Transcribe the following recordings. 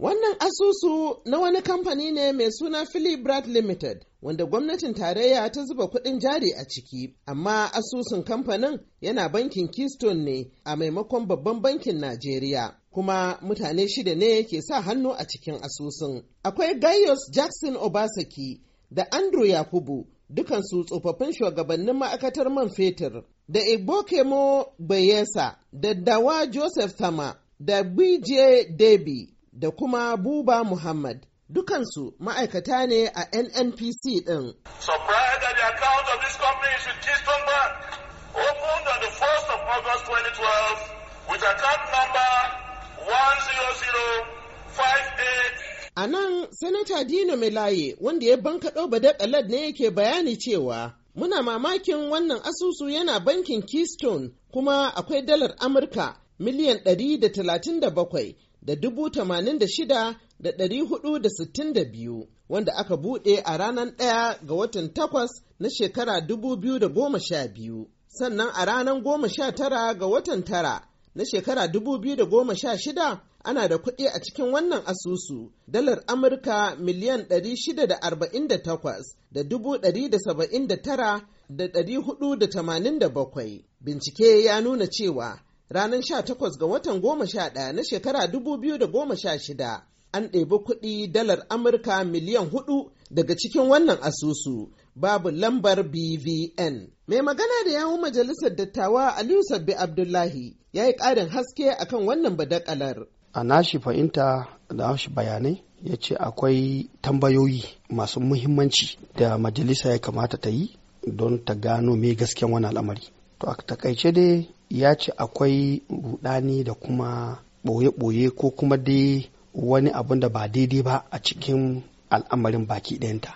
Wannan asusu na wani kamfani ne mai suna Brad Limited, wanda gwamnatin tarayya ta zuba kuɗin jari a ciki, amma asusun kamfanin yana bankin Keystone ne a maimakon babban bankin Najeriya. Kuma mutane shida ne ke sa hannu a cikin asusun. Akwai Gaius Jackson Obasaki da Andrew Yakubu, dukansu tsofaffin shugabannin ma'aikatar man fetur, da Kemo Bayesa, da Dawa Joseph Thama, da BJ Debi. da kuma Buba Muhammad. Dukansu ma'aikata ne a NNPC ɗin. A nan, Sanata Dino Melaye, wanda ya banka da badakalar ne yake bayani cewa muna mamakin wannan asusu yana bankin Keystone kuma akwai dalar Amurka miliyan 137 da dubu tamanin da shida da ɗari hudu da sittin da biyu wanda aka buɗe a ranar ɗaya ga watan takwas na shekara dubu biyu da goma sha biyu sannan a ranar goma sha tara ga watan tara na shekara dubu biyu da goma sha shida ana da kuɗi a cikin wannan asusu dalar amurka miliyan ɗari shida da arba'in da takwas da dubu ɗari da saba'in da tara da ɗari hudu da tamanin da bakwai bincike ya nuna cewa ranar 18 ga watan 11 na shekara 2016 an ɗebi kuɗi dalar Amurka miliyan huɗu daga cikin wannan asusu babu lambar BVN. Mai magana da yawun majalisar dattawa Aliyu Sabbi Abdullahi ya yi ƙarin haske akan wannan badakalar. A nashi fahimta da nashi bayanai ya ce akwai tambayoyi masu muhimmanci da majalisa ya kamata ta yi don ta gano mai gasken wani al'amari. To a takaice dai ya ce akwai rudani da kuma ɓoye-ɓoye ko kuma dai wani abun da ba daidai ba a cikin al'amarin baki ɗayanta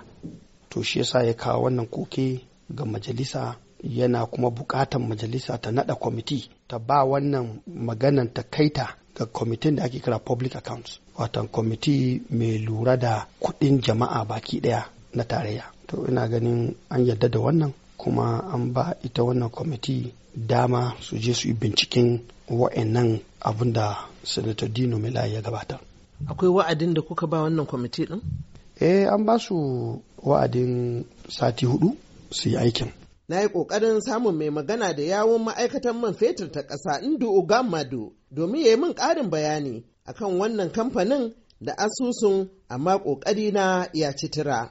to shi yasa ya kawo wannan koke ga majalisa yana kuma buƙatan majalisa ta naɗa kwamiti ta ba wannan maganan ta kaita ga kwamitin da ake kira public accounts watan kwamiti mai lura da kuɗin jama'a baki ɗaya na tarayya to ina ganin an yarda da wannan kuma an ba ita wannan kwamiti dama su je su yi binciken wa'annan abin da senator dino mila ya gabata. akwai wa'adin da kuka ba wannan kwamiti din eh an ba su wa'adin sati hudu su yi aikin na yi ƙoƙarin samun mai magana da yawon ma'aikatan man fetur ta ƙasa indu ogamado domin ya yi min ƙarin bayani akan wannan kamfanin da asusun amma ƙoƙari na ya citira.